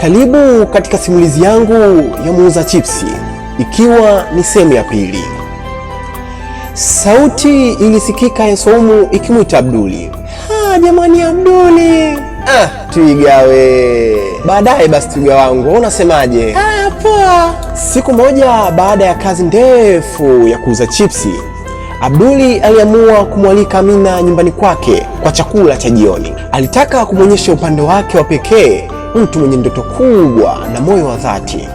Karibu katika simulizi yangu ya muuza chipsi, ikiwa ni sehemu ya pili. Sauti ilisikika ya Saumu ikimwita Abduli. Ha, jamani Abduli! Ah, ah twigawe baadaye. Basi twiga wangu, unasemaje? Ah, poa. Siku moja baada ya kazi ndefu ya kuuza chipsi, Abduli aliamua kumwalika Amina nyumbani kwake kwa chakula cha jioni. Alitaka kumwonyesha upande wake wa pekee mtu mwenye ndoto kubwa na moyo wa dhati.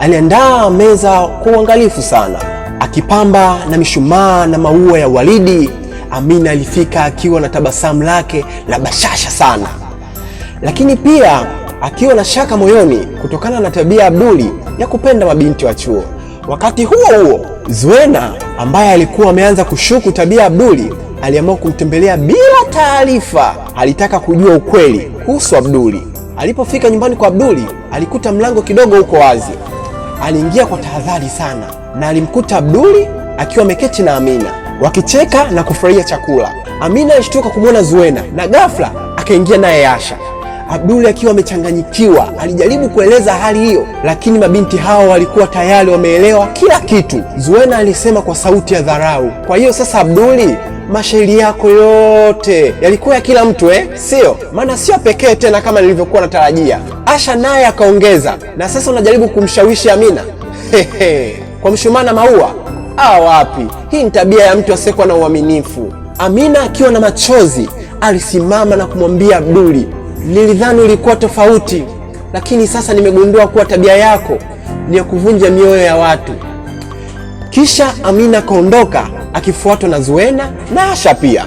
Aliandaa meza kwa uangalifu sana, akipamba na mishumaa na maua ya walidi Amina alifika akiwa na tabasamu lake la bashasha sana, lakini pia akiwa na shaka moyoni kutokana na tabia Abduli ya kupenda mabinti wa chuo. Wakati huo huo, Zuena ambaye alikuwa ameanza kushuku tabia Abduli aliamua kumtembelea bila taarifa. Alitaka kujua ukweli kuhusu Abduli. Alipofika nyumbani kwa Abduli alikuta mlango kidogo uko wazi. Aliingia kwa tahadhari sana na alimkuta Abduli akiwa ameketi na Amina wakicheka na kufurahia chakula. Amina alishtuka kumwona Zuena na ghafla akaingia naye Asha. Abduli akiwa amechanganyikiwa alijaribu kueleza hali hiyo, lakini mabinti hao walikuwa tayari wameelewa kila kitu. Zuena alisema kwa sauti ya dharau, kwa hiyo sasa Abduli mashairi yako yote yalikuwa ya kila mtu eh? Sio maana sio pekee tena kama nilivyokuwa natarajia. Asha naye akaongeza, na sasa unajaribu kumshawishi Amina kwa mshumaa na maua? Ah, wapi! Hii ni tabia ya mtu asiyekuwa na uaminifu. Amina akiwa na machozi alisimama na kumwambia Abduli, nilidhani ulikuwa tofauti, lakini sasa nimegundua kuwa tabia yako ni ya kuvunja mioyo ya watu. Kisha Amina kaondoka akifuatwa na Zuena na Asha pia.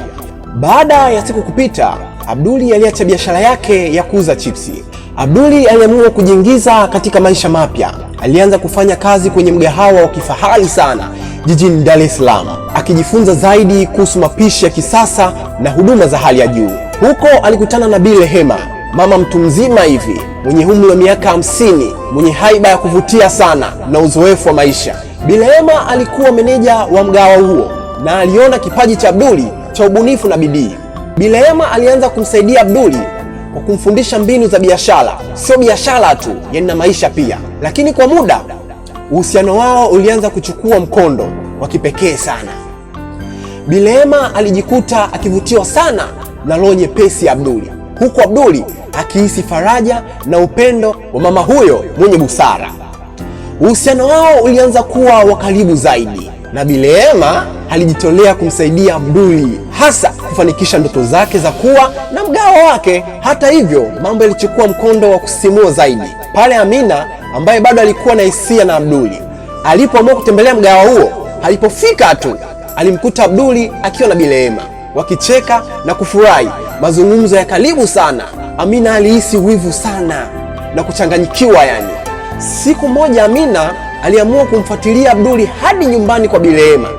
Baada ya siku kupita, Abduli aliacha biashara yake ya kuuza chipsi. Abduli aliamua kujiingiza katika maisha mapya. Alianza kufanya kazi kwenye mgahawa wa kifahari sana jijini Dar es Salaam, akijifunza zaidi kuhusu mapishi ya kisasa na huduma za hali ya juu. Huko alikutana na Bi Rehema mama mtu mzima hivi mwenye umri wa miaka hamsini mwenye haiba ya kuvutia sana na uzoefu wa maisha. Bilehema alikuwa meneja wa mgawa huo na aliona kipaji cha Abduli cha ubunifu na bidii. Bilehema alianza kumsaidia Abduli kwa kumfundisha mbinu za biashara, sio biashara tu, yani na maisha pia. Lakini kwa muda uhusiano wao ulianza kuchukua mkondo wa kipekee sana. Bilehema alijikuta akivutiwa sana na roho nyepesi ya Abduli, huku Abduli akihisi faraja na upendo wa mama huyo mwenye busara. Uhusiano wao ulianza kuwa wa karibu zaidi na Bileema alijitolea kumsaidia Abduli hasa kufanikisha ndoto zake za kuwa na mgao wake. Hata hivyo, mambo yalichukua mkondo wa kusisimua zaidi pale Amina ambaye bado alikuwa na hisia na Abduli alipoamua kutembelea mgawa huo. Alipofika tu alimkuta Abduli akiwa na Bileema wakicheka na kufurahi, mazungumzo ya karibu sana. Amina alihisi wivu sana na kuchanganyikiwa yani. Siku moja Amina aliamua kumfuatilia Abduli hadi nyumbani kwa Bilehema.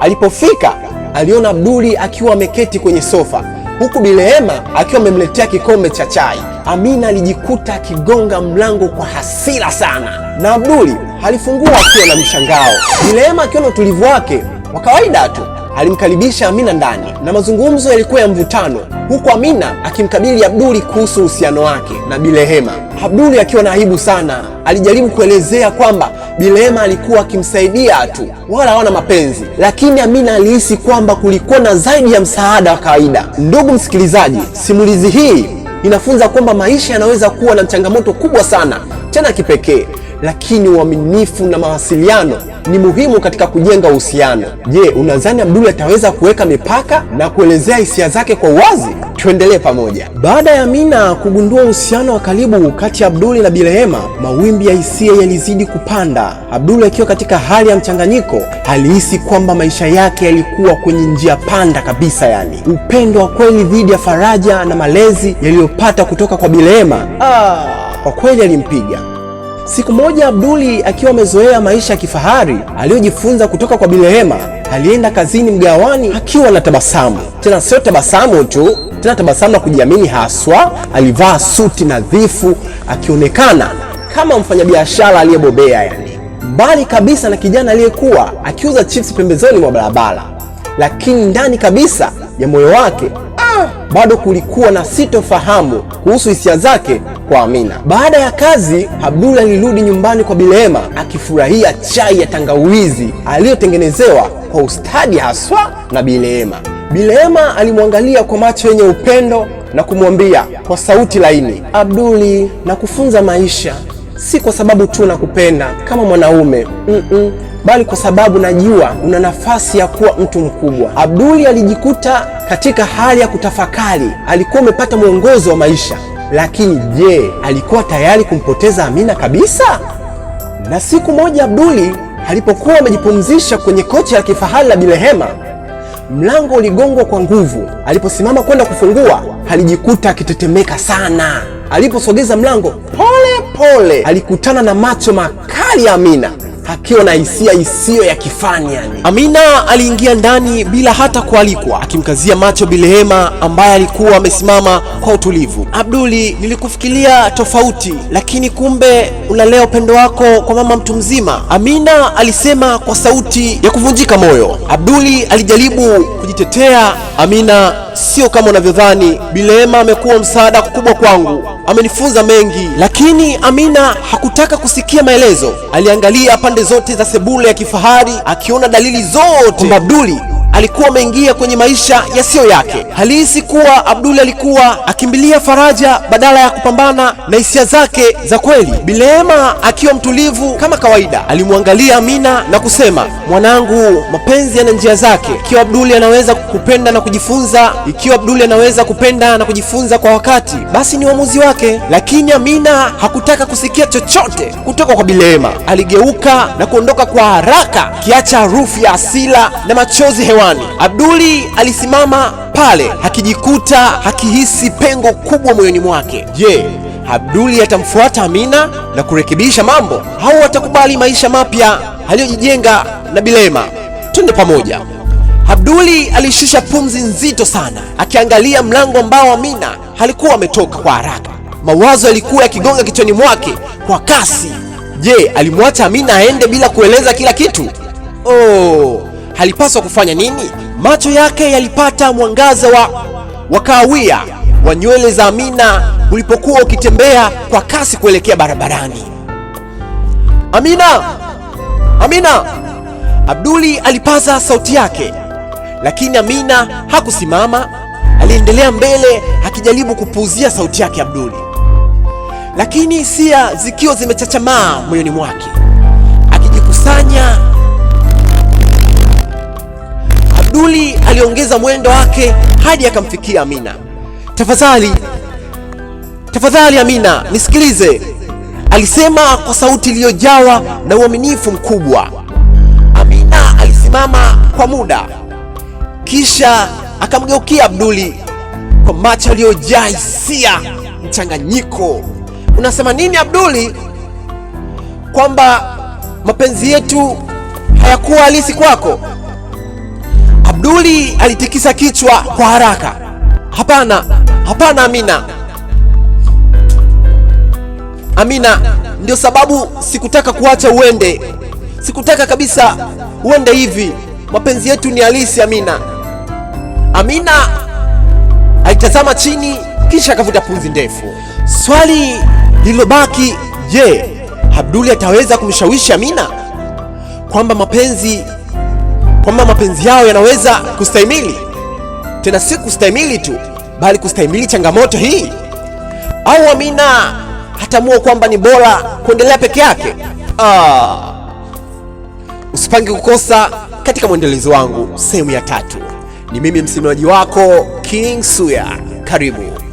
Alipofika aliona Abduli akiwa ameketi kwenye sofa huku Bilehema akiwa amemletea kikombe cha chai. Amina alijikuta akigonga mlango kwa hasira sana, na Abduli halifungua akiwa na mshangao. Bilehema akiona utulivu wake wa kawaida tu alimkaribisha Amina ndani na mazungumzo yalikuwa ya mvutano, huku Amina akimkabili Abduli kuhusu uhusiano wake na Bilehema. Abduli akiwa na aibu sana, alijaribu kuelezea kwamba Bilehema alikuwa akimsaidia tu, wala hawana mapenzi, lakini Amina alihisi kwamba kulikuwa na zaidi ya msaada wa kawaida. Ndugu msikilizaji, simulizi hii inafunza kwamba maisha yanaweza kuwa na changamoto kubwa sana tena kipekee, lakini uaminifu na mawasiliano ni muhimu katika kujenga uhusiano. Je, unadhani Abduli ataweza kuweka mipaka na kuelezea hisia zake kwa uwazi? Tuendelee pamoja. Baada ya Amina kugundua uhusiano wa karibu kati ya Abduli na bilehema mawimbi ya hisia yalizidi kupanda. Abduli akiwa katika hali ya mchanganyiko, alihisi kwamba maisha yake yalikuwa kwenye njia panda kabisa, yani upendo wa kweli dhidi ya faraja na malezi yaliyopata kutoka kwa bilehema Ah, kwa kweli alimpiga Siku moja Abduli akiwa amezoea maisha ya kifahari aliyojifunza kutoka kwa Bilehema, alienda kazini mgawani akiwa na tabasamu, tena sio tabasamu tu, tena tabasamu la kujiamini haswa. Alivaa suti nadhifu, akionekana kama mfanyabiashara aliyebobea, yani mbali kabisa na kijana aliyekuwa akiuza chips pembezoni mwa barabara, lakini ndani kabisa ya moyo wake bado kulikuwa na sitofahamu kuhusu hisia zake kwa Amina. Baada ya kazi, Abdul alirudi nyumbani kwa Bilehema akifurahia chai ya tangawizi aliyotengenezewa kwa ustadi haswa na Bilehema. Bilehema alimwangalia kwa macho yenye upendo na kumwambia kwa sauti laini, Abduli, nakufunza maisha si kwa sababu tu nakupenda kama mwanaume mm -mm, bali kwa sababu najua una nafasi ya kuwa mtu mkubwa. Abduli alijikuta katika hali ya kutafakari. Alikuwa amepata mwongozo wa maisha, lakini je, alikuwa tayari kumpoteza Amina kabisa? Na siku moja Abduli alipokuwa amejipumzisha kwenye kocha la kifahari la Bilehema, mlango uligongwa kwa nguvu. Aliposimama kwenda kufungua, alijikuta akitetemeka sana. Aliposogeza mlango pole pole, alikutana na macho makali ya Amina akiwa na hisia isiyo ya kifani yani. Amina aliingia ndani bila hata kualikwa, akimkazia macho Bilehema ambaye alikuwa amesimama kwa utulivu. Abduli, nilikufikiria tofauti, lakini kumbe unalea upendo wako kwa mama mtu mzima, Amina alisema kwa sauti ya kuvunjika moyo. Abduli alijaribu kujitetea, Amina sio kama unavyodhani. Bilema amekuwa msaada mkubwa kwangu, amenifunza mengi. Lakini Amina hakutaka kusikia maelezo. Aliangalia pande zote za sebule ya kifahari, akiona dalili zote kwamba Abduli alikuwa ameingia kwenye maisha yasiyo yake. Halihisi kuwa Abdul alikuwa akimbilia faraja badala ya kupambana na hisia zake za kweli. Bilema akiwa mtulivu kama kawaida, alimwangalia Amina na kusema, mwanangu, mapenzi yana njia zake. Ikiwa Abdul anaweza kupenda na kujifunza, ikiwa Abdul anaweza kupenda na kujifunza kwa wakati, basi ni uamuzi wake. Lakini Amina hakutaka kusikia chochote kutoka kwa Bilema. Aligeuka na kuondoka kwa haraka, kiacha harufu ya asila na machozi hewa kichwani. Abduli alisimama pale akijikuta akihisi pengo kubwa moyoni mwake. Je, Abduli atamfuata Amina na kurekebisha mambo au atakubali maisha mapya aliyojijenga na Bilema? Twende pamoja. Abduli alishusha pumzi nzito sana akiangalia mlango ambao Amina alikuwa ametoka kwa haraka. Mawazo yalikuwa yakigonga kichwani mwake kwa kasi. Je, alimwacha Amina aende bila kueleza kila kitu? Oh, halipaswa kufanya nini? Macho yake yalipata mwangaza wa, wa kahawia wa nywele za Amina ulipokuwa ukitembea kwa kasi kuelekea barabarani. Amina, Amina! Abduli alipaza sauti yake, lakini Amina hakusimama. Aliendelea mbele akijaribu kupuuzia sauti yake Abduli, lakini hisia zikiwa zimechachamaa moyoni mwake, akijikusanya aliongeza mwendo wake hadi akamfikia Amina. Tafadhali, tafadhali Amina, nisikilize, alisema kwa sauti iliyojawa na uaminifu mkubwa. Amina alisimama kwa muda, kisha akamgeukia Abduli kwa macho yaliyojaa hisia mchanganyiko. Unasema nini Abduli? Kwamba mapenzi yetu hayakuwa halisi kwako? Duli alitikisa kichwa kwa haraka. Hapana, hapana, Amina, Amina, ndio sababu sikutaka kuacha uende, sikutaka kabisa uende hivi. Mapenzi yetu ni halisi, Amina. Amina alitazama chini, kisha akavuta pumzi ndefu. Swali lililobaki, je, Abduli ataweza kumshawishi Amina kwamba mapenzi kwamba mapenzi yao yanaweza kustahimili, tena si kustahimili tu, bali kustahimili changamoto hii? Au Amina hatamua kwamba ni bora kuendelea peke yake? Ah, usipange kukosa katika mwendelezo wangu sehemu ya tatu. Ni mimi msimuaji wako King Suya, karibu.